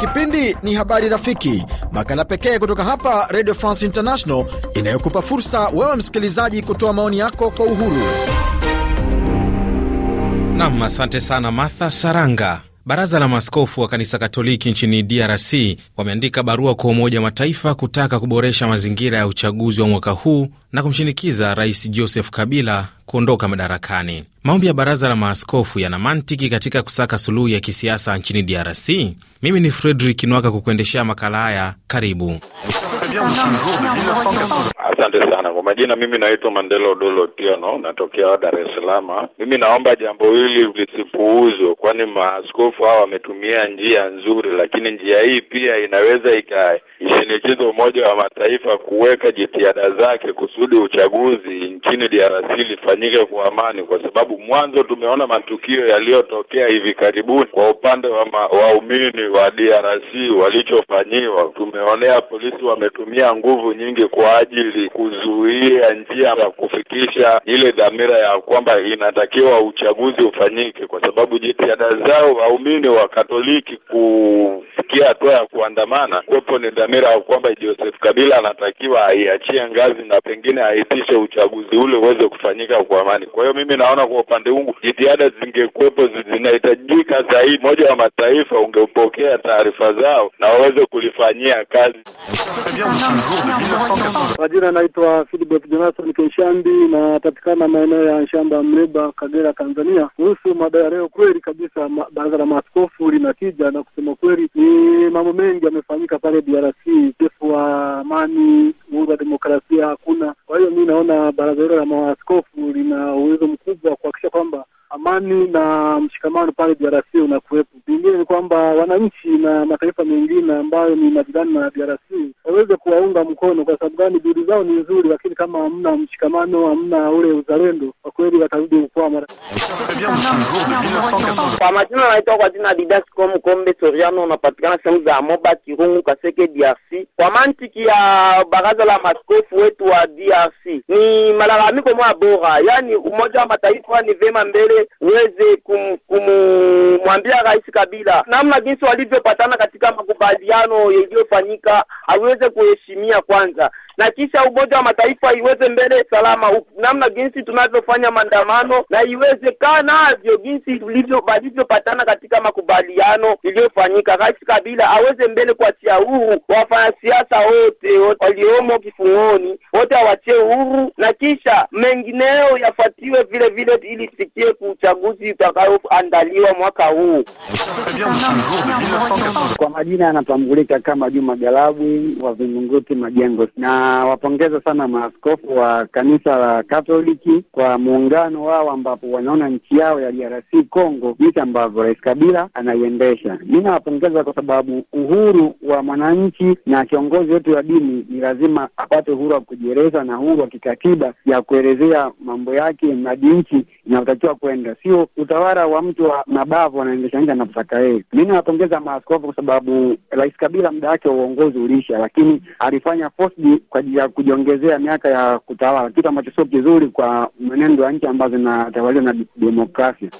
Kipindi ni Habari Rafiki, makala pekee kutoka hapa Radio France International inayokupa fursa wewe msikilizaji kutoa maoni yako kwa uhuru. Nam, asante sana Martha Saranga. Baraza la maaskofu wa kanisa Katoliki nchini DRC wameandika barua kwa Umoja wa Mataifa kutaka kuboresha mazingira ya uchaguzi wa mwaka huu na kumshinikiza Rais Joseph Kabila kuondoka madarakani. Maombi ya baraza la maaskofu yana mantiki katika kusaka suluhu ya kisiasa nchini DRC. Mimi ni Fredrik Nwaka kukuendeshea makala haya, karibu. Asante sana kwa majina, mimi naitwa Mandela Odolo Tiano, natokea Dar es Salaam. Mimi naomba jambo hili lisipuuzwe, kwani maaskofu hawa wametumia njia nzuri, lakini njia hii pia inaweza ikaishinikiza Umoja wa Mataifa kuweka jitihada zake kusudi uchaguzi nchini DRC lifa ifanyike kwa amani, kwa sababu mwanzo tumeona matukio yaliyotokea hivi karibuni kwa upande wa waumini wa DRC walichofanyiwa. Tumeonea polisi wametumia nguvu nyingi kwa ajili kuzuia njia ya kufikisha ile dhamira ya kwamba inatakiwa uchaguzi ufanyike, kwa sababu jitihada zao waumini wa Katoliki ku kufikia hatua ya kuandamana, kuwepo ni dhamira ya kwamba Joseph Kabila anatakiwa aiachie ngazi na pengine aitishe uchaguzi ule uweze kufanyika kwa amani. Kwa hiyo mimi naona kwa upande wangu jitihada zingekuwepo zinahitajika zaidi. Umoja wa Mataifa ungepokea taarifa zao na waweze kulifanyia kazi. Majina naitwa Philibert Jonathan Keishambi, napatikana maeneo ya shamba Mleba, Kagera, Tanzania. Kuhusu mada ya leo, kweli kabisa baraza la maaskofu linakija na kusema kweli ni mambo mengi yamefanyika pale DRC, ukosefu wa amani, uhuru wa demokrasia hakuna. Kwa hiyo mi naona baraza hilo la maaskofu lina uwezo mkubwa wa kuhakikisha kwamba amani na mshikamano pale DRC unakuwepo. Vingine ni kwamba wananchi na mataifa mengine ambayo ni majirani na DRC waweze kuwaunga mkono. Kwa sababu gani? Juhudi zao ni nzuri, lakini kama hamna mshikamano, hamna ule uzalendo kwa kweli watarudi ukwao mara. Kwa majina naitwa kwa jina Didas Kombe Soriano, unapatikana sehemu za Moba Kirungu, Kaseke, DRC. Kwa mantiki ya baraza la maskofu wetu wa DRC, ni malalamiko mwa bora, yaani Umoja wa Mataifa ni vema mbele uweze kumwambia kum, Rais Kabila namna jinsi walivyopatana katika makubaliano yaliyofanyika aweze kuheshimia kwanza, na kisha Umoja wa Mataifa iweze mbele salama namna jinsi tunavyofanya kufanya maandamano na iwezekanavyo jinsi walivyopatana katika makubaliano iliyofanyika. Rais Kabila aweze mbele kuachia huru wafanyasiasa wote waliomo kifungoni, wote awachie huru na kisha mengineo yafuatiwe vile vile, ili sikie uchaguzi utakayoandaliwa mwaka huu. Kwa majina yanatambulika kama Juma Galabu wa Vingunguti Majengo, na wapongeza sana maaskofu wa kanisa la Katoliki kwa muungano wao ambapo wanaona nchi yao ya DRC Congo, jinsi ambavyo Rais Kabila anaiendesha. Mi nawapongeza kwa sababu uhuru wa mwananchi na kiongozi wetu wa dini ni lazima apate uhuru wa kujieleza na uhuru wa kikatiba ya kuelezea mambo yake na nchi inayotakiwa kwenda, sio utawala wa mtu wa mabavu anaendesha nje anavyotaka yeye. Mimi nawapongeza maaskofu kwa sababu Rais Kabila muda wake wa uongozi uliisha, lakini alifanya forced kwa ajili ya kujiongezea miaka ya kutawala, kitu ambacho sio kizuri kwa mwenendo wa nchi ambazo zinatawaliwa na demokrasia.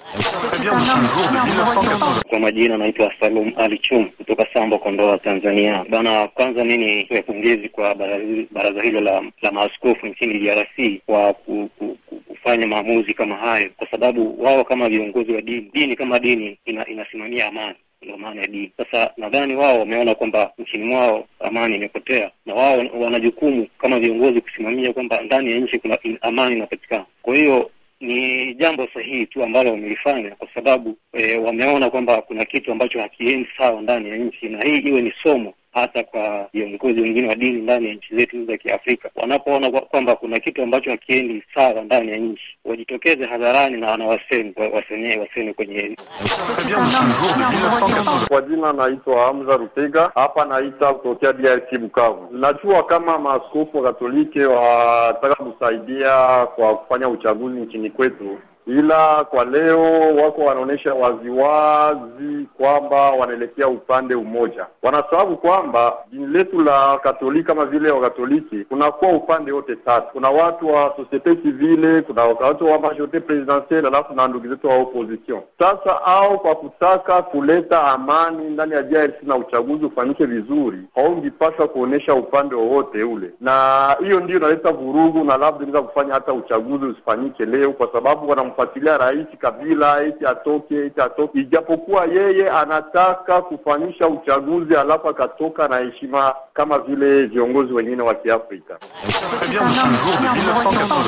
Kwa majina naitwa Salum Ali Chum kutoka Sambo, Kondoa, Tanzania. Bana, kwanza mimi pongezi kwa baraza hilo la, la maaskofu nchini DRC kwa ku, ku, kufanya maamuzi kama hayo, kwa sababu wao kama viongozi wa dini, dini kama dini ina, inasimamia amani ndio maana ya dini. Sasa nadhani wao wameona kwamba nchini mwao amani imepotea, na wao wana jukumu kama viongozi kusimamia kwamba ndani ya nchi kuna amani inapatikana. Kwa hiyo ni jambo sahihi tu ambalo wamelifanya kwa sababu e, wameona kwamba kuna kitu ambacho hakiendi sawa ndani ya nchi, na hii iwe ni somo hasa kwa viongozi wengine wa dini ndani ya nchi zetu za Kiafrika, wanapoona kwamba kuna kitu ambacho hakiendi sawa ndani ya nchi, wajitokeze hadharani na wanawaseni waseme waseni kwenye. Kwa jina naitwa Hamza Rutega, hapa naita kutokea DRC Bukavu. Najua kama maaskofu wa Katoliki wataka kusaidia kwa kufanya uchaguzi nchini kwetu ila kwa leo wako wanaonyesha waziwazi kwamba wanaelekea upande umoja. Wanasababu kwamba dini letu la Katoliki kama vile Wakatoliki kunakuwa upande wote tatu, kuna watu wa societe civile, kuna watu wa majorite presidentielle, alafu na ndugu zetu wa opposition. Sasa au kwa kutaka kuleta amani ndani ya DRC na uchaguzi ufanyike vizuri, haungipaswa kuonyesha upande wowote ule, na hiyo ndio inaleta vurugu, na labda inaweza kufanya hata uchaguzi usifanyike leo kwa sababu wana kumfuatilia rais Kabila eti atoke eti atoke, ijapokuwa yeye anataka kufanyisha uchaguzi alafu akatoka na heshima kama vile viongozi wengine wa Kiafrika.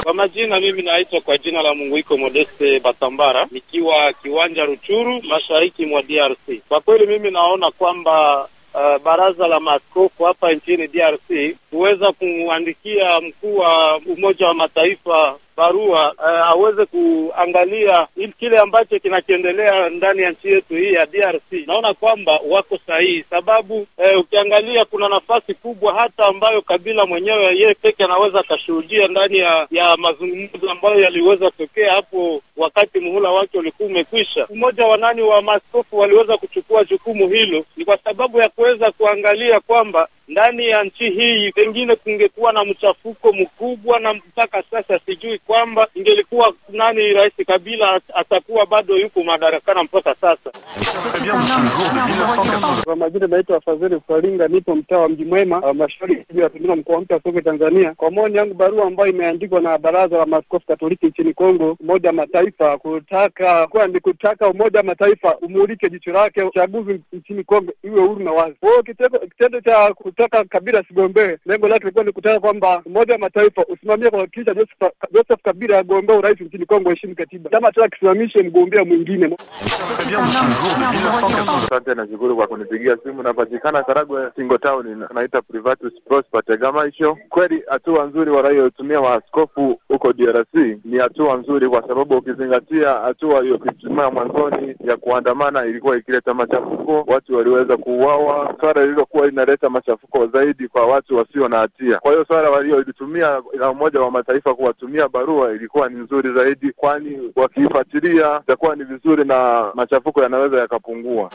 Kwa majina, mimi naitwa kwa jina la mungu iko Modeste Batambara, nikiwa kiwanja Ruchuru, mashariki mwa DRC. Kwa kweli mimi naona kwamba Uh, baraza la maaskofu hapa nchini DRC kuweza kumwandikia mkuu wa Umoja wa Mataifa barua uh, aweze kuangalia kile ambacho kinakiendelea ndani ya nchi yetu hii ya DRC. Naona kwamba wako sahihi, sababu uh, ukiangalia kuna nafasi kubwa hata ambayo Kabila mwenyewe yeye peke anaweza akashuhudia ndani ya, ya mazungumzo ambayo yaliweza tokea hapo wakati muhula wake ulikuwa umekwisha. Mmoja wa nani wa maaskofu waliweza kuchukua jukumu hilo ni kwa sababu ya kuweza kuangalia kwamba ndani ya nchi hii, pengine kungekuwa na mchafuko mkubwa, na mpaka sasa sijui kwamba ingelikuwa nani, Rais Kabila atakuwa bado yuko madarakani mpaka sasa. Kwa majina naitwa Fadhili Faringa, nipo mtaa wa Mji Mwema, halmashauri ya Tumina, mkoa mpya wa Songwe, Tanzania. Kwa maoni yangu, barua ambayo imeandikwa na Baraza la Maaskofu Katoliki nchini Kongo, Umoja wa Mataifa, kutaka kwa ni kutaka Umoja wa Mataifa umulike jicho lake uchaguzi nchini Kongo iwe huru na wazi. Kwa kitendo cha kutoka Kabila asigombee. Lengo lake lilikuwa ni kutaka kwamba Umoja wa Mataifa usimamie kuhakikisha Joseph Kabila agombea urais nchini Kongo, heshimu katiba, kama tena kisimamishe mgombea mwingine. Asante, nashukuru kwa kunipigia simu. Napatikana Karagwe, Singo Town, naita Privatus Prosper Tegamaisho. Kweli hatua nzuri wanayotumia waaskofu huko DRC ni hatua nzuri, kwa sababu ukizingatia hatua iliyokitumia mwanzoni ya kuandamana ilikuwa ikileta machafuko, watu waliweza kuuawa, swala lililokuwa linaleta machafuko mshtuko zaidi kwa watu wasio na hatia. Kwa hiyo swala waliolitumia la Umoja wa Mataifa kuwatumia barua ilikuwa ni nzuri zaidi, kwani wakiifuatilia itakuwa ni vizuri na machafuko yanaweza yakapungua.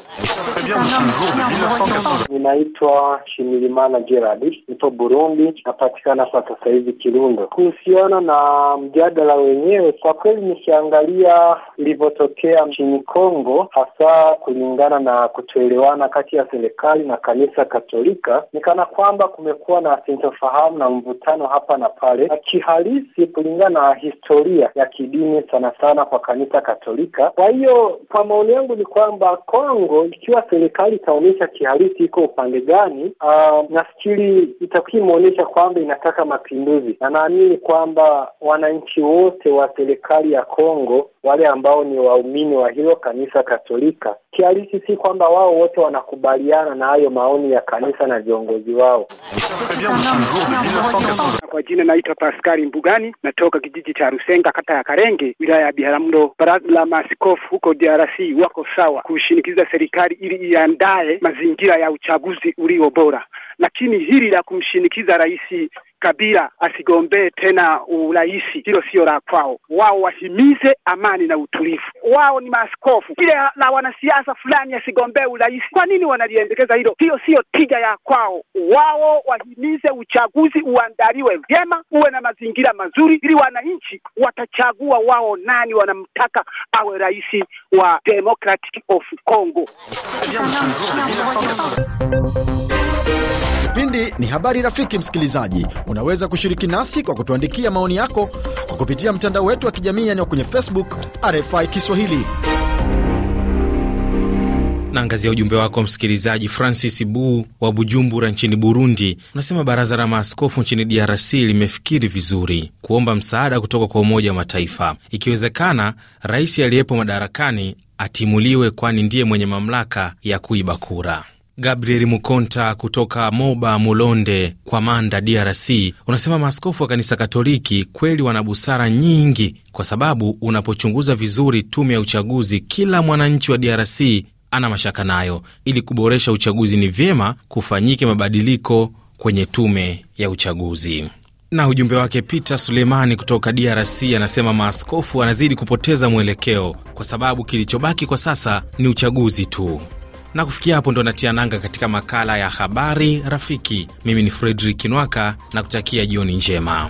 Ninaitwa shimilimana Gerard, nipo Burundi, napatikana kwa sasa hivi Kirundo. Kuhusiana na mjadala wenyewe, kwa kweli nikiangalia ilivyotokea nchini Kongo, hasa kulingana na kutoelewana kati ya serikali na kanisa Katolika, ni inaonekana kwamba kumekuwa na sintofahamu na mvutano hapa na pale. Kihalisi, kulingana na historia ya kidini sana sana kwa kanisa Katolika. Kwa hiyo kwa maoni yangu ni kwamba Kongo, ikiwa serikali itaonyesha kihalisi iko upande gani, uh, nafikiri itakuwa imeonyesha kwamba inataka mapinduzi, na naamini kwamba wananchi wote wa serikali ya Kongo wale ambao ni waumini wa hilo kanisa Katolika, kihalisi si kwamba wao wote wanakubaliana na hayo maoni ya kanisa na viongozi viongozi wao. Kwa jina naitwa Paskari Mbugani, natoka kijiji cha Rusenga, kata ya Karenge, wilaya ya Biharamulo. Baraza la maaskofu huko DRC wako sawa kushinikiza serikali ili iandae mazingira ya uchaguzi ulio bora, lakini hili la kumshinikiza rais Kabila asigombee tena urais, hilo sio la kwao. Wao wahimize amani na utulivu. Wao ni maaskofu, kile la wanasiasa fulani asigombee urais. Kwa nini wanaliendekeza hilo? Hiyo siyo tija ya kwao. Wao wahimize uchaguzi uandaliwe vyema, uwe na mazingira mazuri, ili wananchi watachagua wao nani wanamtaka awe rais wa Democratic of Congo. Kipindi ni Habari Rafiki. Msikilizaji, unaweza kushiriki nasi kwa kutuandikia maoni yako kwa kupitia mtandao wetu wa kijamii yaani kwenye Facebook RFI Kiswahili. Naangazia ujumbe wako msikilizaji Francis Bu wa Bujumbura nchini Burundi. Unasema baraza la maaskofu nchini DRC limefikiri vizuri kuomba msaada kutoka kwa Umoja wa Mataifa. Ikiwezekana, rais aliyepo madarakani atimuliwe, kwani ndiye mwenye mamlaka ya kuiba kura. Gabriel Mukonta kutoka Moba Mulonde kwa Manda, DRC, unasema maaskofu wa kanisa Katoliki kweli wana busara nyingi, kwa sababu unapochunguza vizuri tume ya uchaguzi, kila mwananchi wa DRC ana mashaka nayo. Ili kuboresha uchaguzi, ni vyema kufanyike mabadiliko kwenye tume ya uchaguzi. Na ujumbe wake Peter Suleimani kutoka DRC anasema maaskofu anazidi kupoteza mwelekeo, kwa sababu kilichobaki kwa sasa ni uchaguzi tu na kufikia hapo ndo natia nanga katika makala ya habari rafiki. Mimi ni Fredrik Nwaka na kutakia jioni njema.